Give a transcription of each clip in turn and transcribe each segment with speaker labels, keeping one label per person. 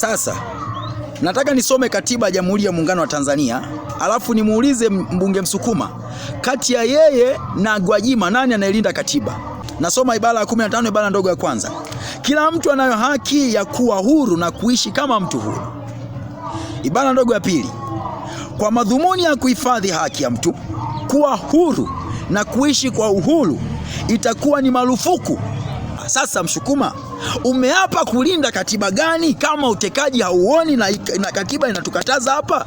Speaker 1: Sasa nataka nisome katiba ya Jamhuri ya Muungano wa Tanzania, alafu nimuulize mbunge Msukuma, kati ya yeye na Gwajima nani anayelinda katiba? Nasoma ibara ya 15 ibara ndogo ya kwanza, kila mtu anayo haki ya kuwa huru na kuishi kama mtu huru. Ibara ndogo ya pili, kwa madhumuni ya kuhifadhi haki ya mtu kuwa huru na kuishi kwa uhuru, itakuwa ni marufuku. Sasa Msukuma Umeapa kulinda katiba gani kama utekaji hauoni na, na katiba inatukataza hapa?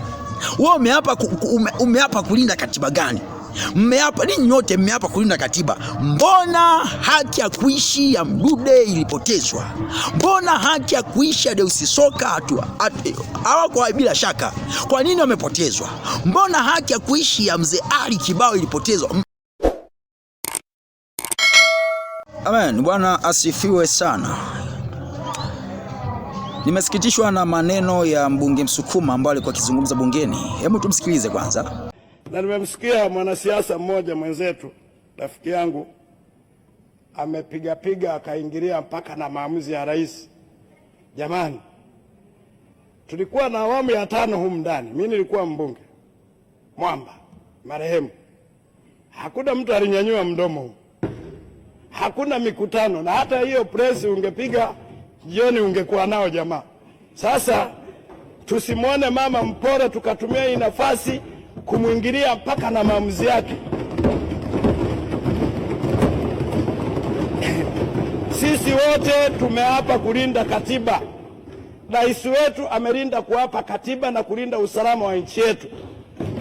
Speaker 1: Wewe umeapa ume, umeapa kulinda katiba gani? Mmeapa ninyi nyote mmeapa kulinda katiba. Mbona haki ya kuishi ya Mdude ilipotezwa? Mbona haki ya kuishi ya Deusi Soka hawako bila shaka? Kwa nini wamepotezwa? Mbona haki ya kuishi ya mzee Ali Kibao ilipotezwa?
Speaker 2: Amen, Bwana asifiwe sana. Nimesikitishwa na maneno ya mbunge Msukuma ambayo alikuwa akizungumza bungeni. Hebu tumsikilize kwanza.
Speaker 3: Na nimemsikia mwanasiasa mmoja mwenzetu, rafiki yangu, amepigapiga akaingilia mpaka na maamuzi ya rais. Jamani, tulikuwa na awamu ya tano humu ndani, mimi nilikuwa mbunge mwamba marehemu, hakuna mtu alinyanyua mdomo huu hakuna mikutano, na hata hiyo presi ungepiga jioni ungekuwa nao jamaa. Sasa tusimwone mama mpore, tukatumia hii nafasi kumwingilia mpaka na maamuzi yake. Sisi wote tumeapa kulinda katiba. Rais wetu amelinda kuapa katiba na kulinda usalama wa nchi yetu.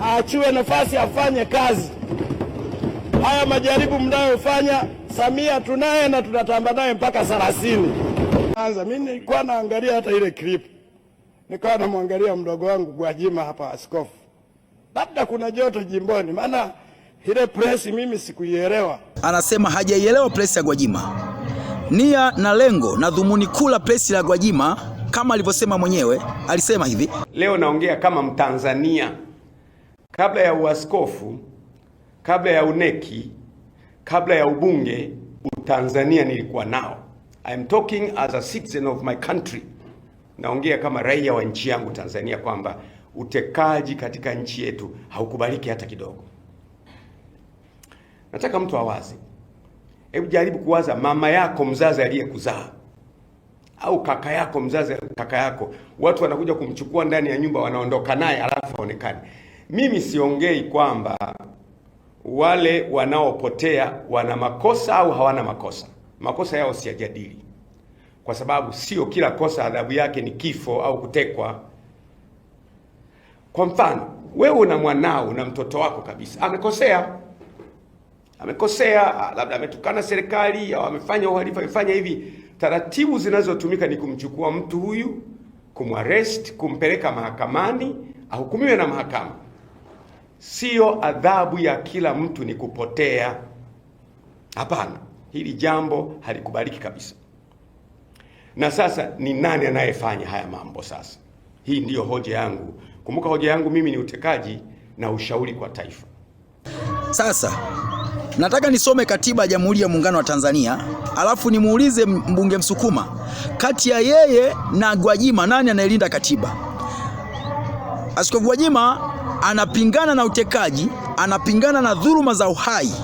Speaker 3: Aachiwe nafasi afanye kazi. Haya majaribu mnayofanya Samia tunaye na tunatamba naye mpaka 30. Kwanza mimi nilikuwa naangalia hata ile clip, nikawa namwangalia mdogo wangu Gwajima hapa, askofu, labda kuna joto jimboni, maana ile press mimi sikuielewa.
Speaker 1: Anasema hajaielewa press ya Gwajima, nia na lengo na dhumuni kuu la press la Gwajima kama alivyosema mwenyewe. Alisema hivi,
Speaker 4: leo naongea kama Mtanzania, kabla ya uaskofu, kabla ya uneki kabla ya ubunge utanzania nilikuwa nao. I am talking as a citizen of my country, naongea kama raia wa nchi yangu Tanzania kwamba utekaji katika nchi yetu haukubaliki hata kidogo. Nataka mtu awaze. Hebu jaribu kuwaza mama yako mzazi aliyekuzaa au kaka yako mzazi, kaka yako, watu wanakuja kumchukua ndani ya nyumba, wanaondoka naye, alafu aonekane. Mimi siongei kwamba wale wanaopotea wana makosa au hawana makosa. Makosa yao siyajadili, kwa sababu sio kila kosa adhabu yake ni kifo au kutekwa. Kwa mfano, wewe una mwanao na mtoto wako kabisa, amekosea, amekosea, labda ametukana serikali au amefanya uhalifu, amefanya hivi, taratibu zinazotumika ni kumchukua mtu huyu, kumwarest, kumpeleka mahakamani, ahukumiwe na mahakama Sio adhabu ya kila mtu ni kupotea. Hapana, hili jambo halikubaliki kabisa. Na sasa ni nani anayefanya haya mambo? Sasa hii ndiyo hoja yangu. Kumbuka hoja yangu mimi ni utekaji na ushauri kwa taifa.
Speaker 1: Sasa nataka nisome katiba ya Jamhuri ya Muungano wa Tanzania, alafu nimuulize mbunge Msukuma, kati ya yeye na Gwajima nani anayelinda katiba? Askofu Gwajima anapingana na utekaji, anapingana na dhuluma za uhai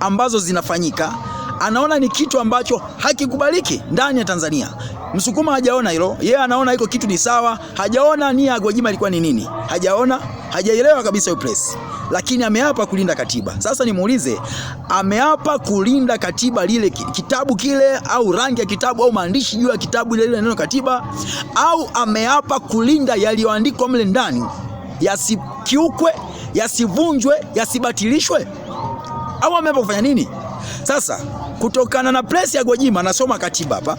Speaker 1: ambazo zinafanyika, anaona ni kitu ambacho hakikubaliki ndani ya Tanzania. Msukuma hajaona hilo, yeye anaona iko kitu ni sawa, hajaona nia ya Gwajima ilikuwa ni nini, hajaona, hajaelewa kabisa hiyo press, lakini ameapa kulinda katiba. Sasa nimuulize, ameapa kulinda katiba, lile kitabu kile, au rangi ya kitabu, au maandishi juu ya kitabu lile, neno katiba, au ameapa kulinda yaliyoandikwa mle ndani? yasikiukwe, yasivunjwe, yasibatilishwe, au ameapa kufanya nini? Sasa kutokana na presi ya Gwajima, anasoma katiba hapa,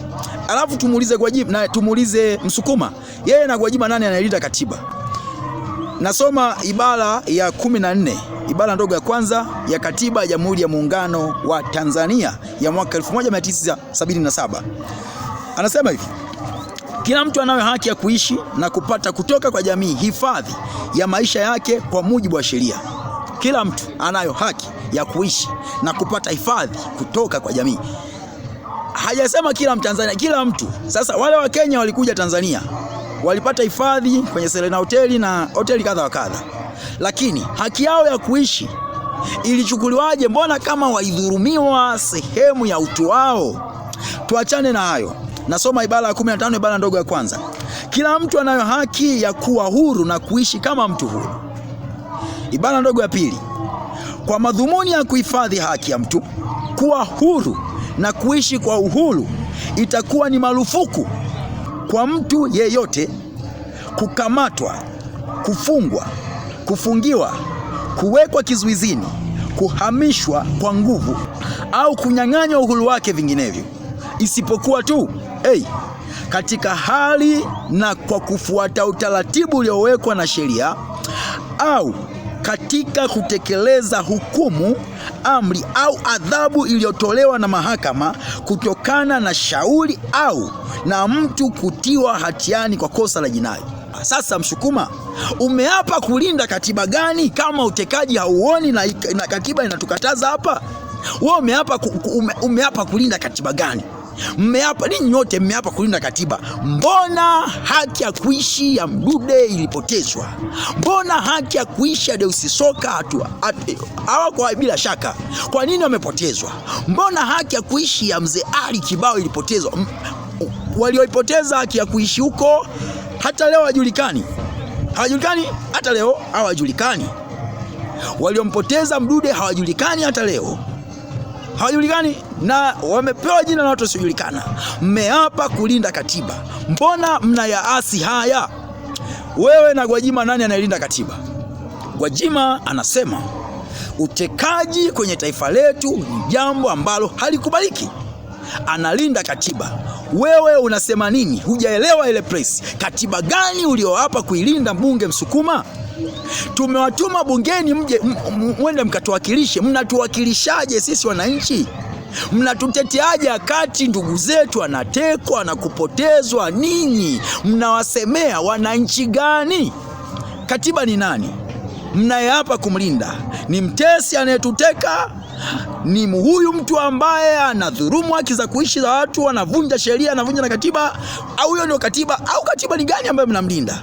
Speaker 1: alafu tumuulize Gwajima na tumuulize Msukuma, yeye na Gwajima nani analinda katiba? Nasoma ibara ya kumi na nne ibara ndogo ya kwanza ya katiba ya Jamhuri ya Muungano wa Tanzania ya mwaka 1977 anasema hivi: kila mtu anayo haki ya kuishi na kupata kutoka kwa jamii hifadhi ya maisha yake kwa mujibu wa sheria. Kila mtu anayo haki ya kuishi na kupata hifadhi kutoka kwa jamii. Hajasema kila Mtanzania, kila mtu. Sasa wale wa Kenya walikuja Tanzania walipata hifadhi kwenye Serena hoteli na hoteli kadha wa kadha, lakini haki yao ya kuishi ilichukuliwaje? Mbona kama waidhurumiwa sehemu ya utu wao? Tuachane na hayo. Nasoma ibara ya 15 ibara ndogo ya kwanza. Kila mtu anayo haki ya kuwa huru na kuishi kama mtu huru. Ibara ndogo ya pili. Kwa madhumuni ya kuhifadhi haki ya mtu kuwa huru na kuishi kwa uhuru, itakuwa ni marufuku kwa mtu yeyote kukamatwa, kufungwa, kufungiwa, kuwekwa kizuizini, kuhamishwa kwa nguvu au kunyang'anywa uhuru wake vinginevyo, isipokuwa tu hey, Katika hali na kwa kufuata utaratibu uliowekwa na sheria au katika kutekeleza hukumu, amri au adhabu iliyotolewa na mahakama kutokana na shauri au na mtu kutiwa hatiani kwa kosa la jinai. Sasa Msukuma, umeapa kulinda katiba gani kama utekaji hauoni na, na katiba inatukataza hapa? Wewe umeapa, umeapa kulinda katiba gani? Mmeapa ninyi nyote mmeapa kulinda katiba. Mbona haki ya kuishi ya Mdude ilipotezwa? Mbona haki ya kuishi ya Deusi Soka hawa kwa bila shaka? Kwa nini wamepotezwa? Mbona haki ya kuishi ya mzee Ali Kibao ilipotezwa? Walioipoteza haki ya kuishi huko hata leo hawajulikani, hawajulikani hata leo, hawajulikani. Waliompoteza Mdude hawajulikani hata leo, hawajulikani na wamepewa jina na watu wasiojulikana. Mmeapa kulinda katiba, mbona mnayaasi haya? Wewe na Gwajima, nani anayelinda katiba? Gwajima anasema utekaji kwenye taifa letu ni jambo ambalo halikubaliki. Analinda katiba. Wewe unasema nini? Hujaelewa ile press. Katiba gani ulioapa kuilinda, mbunge Msukuma? Tumewatuma bungeni mje mwende mkatuwakilishe. Mnatuwakilishaje sisi wananchi? Mnatuteteaje wakati ndugu zetu anatekwa na kupotezwa? Ninyi mnawasemea wananchi gani? Katiba ni nani mnayeapa kumlinda? Ni mtesi anayetuteka? Ni huyu mtu ambaye anadhurumu haki za kuishi za watu, anavunja sheria, anavunja na katiba? Au hiyo ndio katiba? Au katiba ni gani ambayo mnamlinda?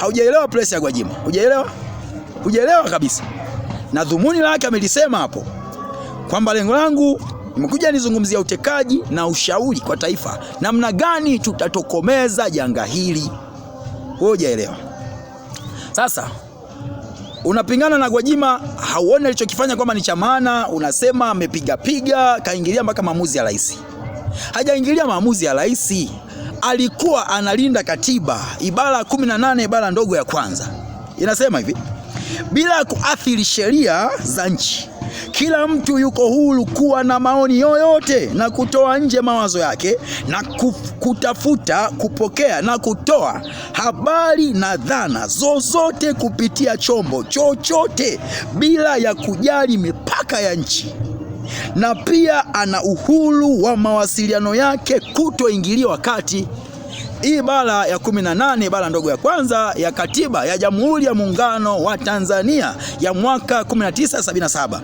Speaker 1: Haujaelewa presi ya Gwajima, hujaelewa, hujaelewa kabisa. Na dhumuni lake amelisema hapo kwamba lengo langu Nimekuja nizungumzia utekaji na ushauri kwa taifa, namna gani tutatokomeza janga hili. Wewe hujaelewa. Sasa unapingana na Gwajima, hauoni alichokifanya kwamba ni cha maana. Unasema amepigapiga, kaingilia mpaka maamuzi ya rais. Hajaingilia maamuzi ya rais, alikuwa analinda katiba, ibara 18 ibara ndogo ya kwanza inasema hivi bila kuathiri sheria za nchi kila mtu yuko huru kuwa na maoni yoyote na kutoa nje mawazo yake na kutafuta, kupokea na kutoa habari na dhana zozote kupitia chombo chochote bila ya kujali mipaka ya nchi na pia ana uhuru wa mawasiliano yake kutoingiliwa kati ibara ya 18 ibara ndogo ya kwanza ya Katiba ya Jamhuri ya Muungano wa Tanzania ya mwaka 1977.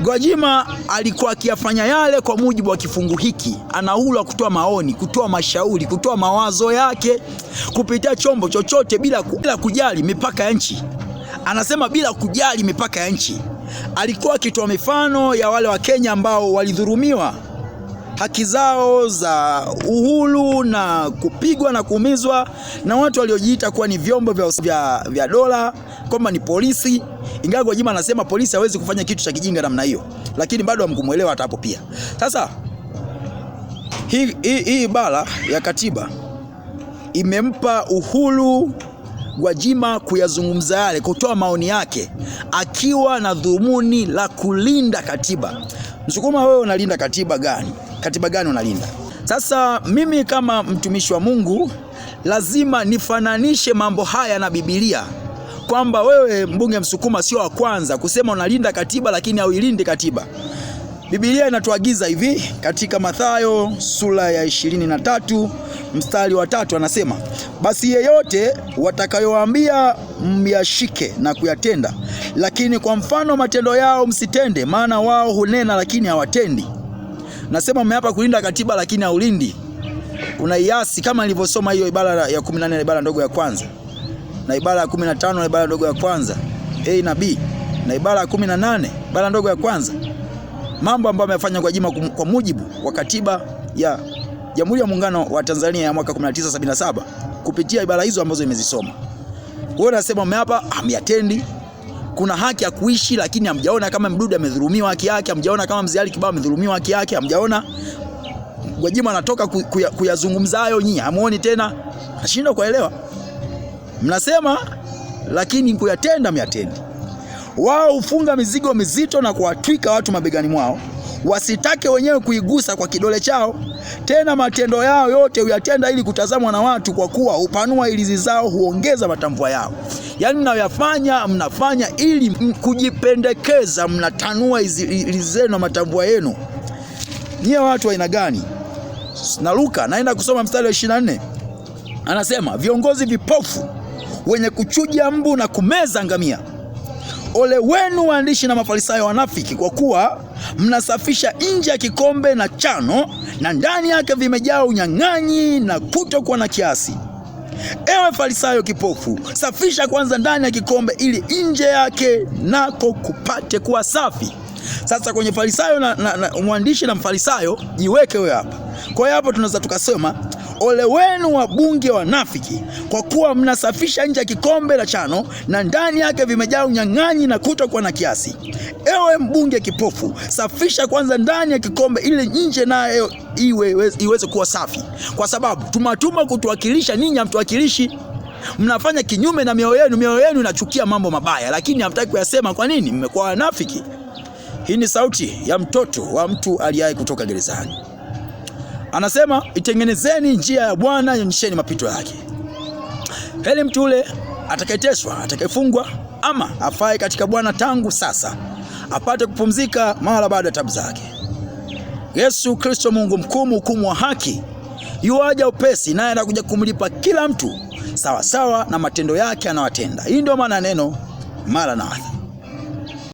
Speaker 1: Gwajima alikuwa akiyafanya yale kwa mujibu wa kifungu hiki. Ana uhuru wa kutoa maoni, kutoa mashauri, kutoa mawazo yake kupitia chombo chochote bila, bila kujali mipaka ya nchi. Anasema bila kujali mipaka ya nchi. Alikuwa akitoa mifano ya wale wa Kenya ambao walidhulumiwa haki zao za uhuru na kupigwa na kuumizwa na watu waliojiita kuwa ni vyombo vya, vya, vya dola kwamba ni polisi, ingawa Gwajima anasema polisi hawezi kufanya kitu cha kijinga namna hiyo, lakini bado hamkumwelewa hata hapo pia. Sasa hii hi, hii ibara ya katiba imempa uhuru Gwajima kuyazungumza yale, kutoa maoni yake akiwa na dhumuni la kulinda katiba. Msukuma, wewe unalinda katiba gani? katiba gani unalinda? Sasa mimi kama mtumishi wa Mungu lazima nifananishe mambo haya na Biblia kwamba wewe mbunge Msukuma sio wa kwanza kusema unalinda katiba lakini hauilindi katiba. Biblia inatuagiza hivi katika Mathayo sura ya na tatu mstari wa tatu anasema, basi yeyote watakayowaambia myashike na kuyatenda, lakini kwa mfano matendo yao msitende, maana wao hunena lakini hawatendi. Nasema umeapa kulinda katiba lakini haulindi. Unaiasi kama nilivyosoma hiyo ibara ya 14 ibara ndogo ya kwanza na ibara ya 15 ibara ndogo ya kwanza A na B na ibara ya 18 ibara ndogo ya kwanza, mambo ambayo amefanya Gwajima kwa mujibu wa katiba ya Jamhuri ya Muungano wa Tanzania ya mwaka 1977 kupitia ibara hizo ambazo imezisoma. Wewe unasema umeapa hamyatendi kuna haki ya kuishi, lakini hamjaona kama mdudu amedhulumiwa haki yake, hamjaona kama Mzee Ali Kibao amedhulumiwa haki yake, hamjaona Gwajima anatoka kuyazungumza hayo, nyinyi hamuoni tena? Nashindwa kuelewa. Mnasema lakini kuyatenda myatendi Wao hufunga mizigo mizito na kuwatwika watu mabegani mwao wasitake wenyewe kuigusa kwa kidole chao tena. Matendo yao yote huyatenda ili kutazamwa na watu, kwa kuwa hupanua ilizi zao, huongeza matamvua yao. Yaani mnayoyafanya mnafanya ili kujipendekeza, mnatanua ilizi zenu na matamvua yenu. Nyie watu wa aina gani? Na Luka naenda kusoma mstari wa 24 anasema, viongozi vipofu wenye kuchuja mbu na kumeza ngamia Ole wenu waandishi na mafarisayo wanafiki, kwa kuwa mnasafisha nje ya kikombe na chano, na ndani yake vimejaa unyang'anyi na kutokuwa na kiasi. Ewe farisayo kipofu, safisha kwanza ndani ya kikombe, ili nje yake nako kupate kuwa safi. Sasa kwenye farisayo na, na, na mwandishi na mfarisayo, jiweke wewe hapa. Kwa hiyo hapo tunaweza tukasema ole wenu wabunge wanafiki, kwa kuwa mnasafisha nje ya kikombe la chano na ndani yake vimejaa unyang'anyi na kutokuwa na kiasi. Ewe mbunge kipofu, safisha kwanza ndani ya kikombe ili nje nayo iwe iweze kuwa safi, kwa sababu tumatuma kutuwakilisha ninyi, hamtuwakilishi mnafanya kinyume na mioyo yenu. Mioyo yenu inachukia mambo mabaya, lakini hamtaki kuyasema. Kwa nini? Mmekuwa wanafiki. Hii ni sauti ya mtoto wa mtu aliyaye kutoka gerezani anasema itengenezeni njia ya Bwana, ionyesheni mapito yake. heli mtu ule atakayeteswa, atakayefungwa ama afae katika Bwana tangu sasa, apate kupumzika mara baada ya tabu zake. Yesu Kristo, Mungu mkuu, mhukumu wa haki, yuaja upesi, naye anakuja kumlipa kila mtu sawasawa na matendo yake anawatenda. Hii ndio maana neno mara Maranatha.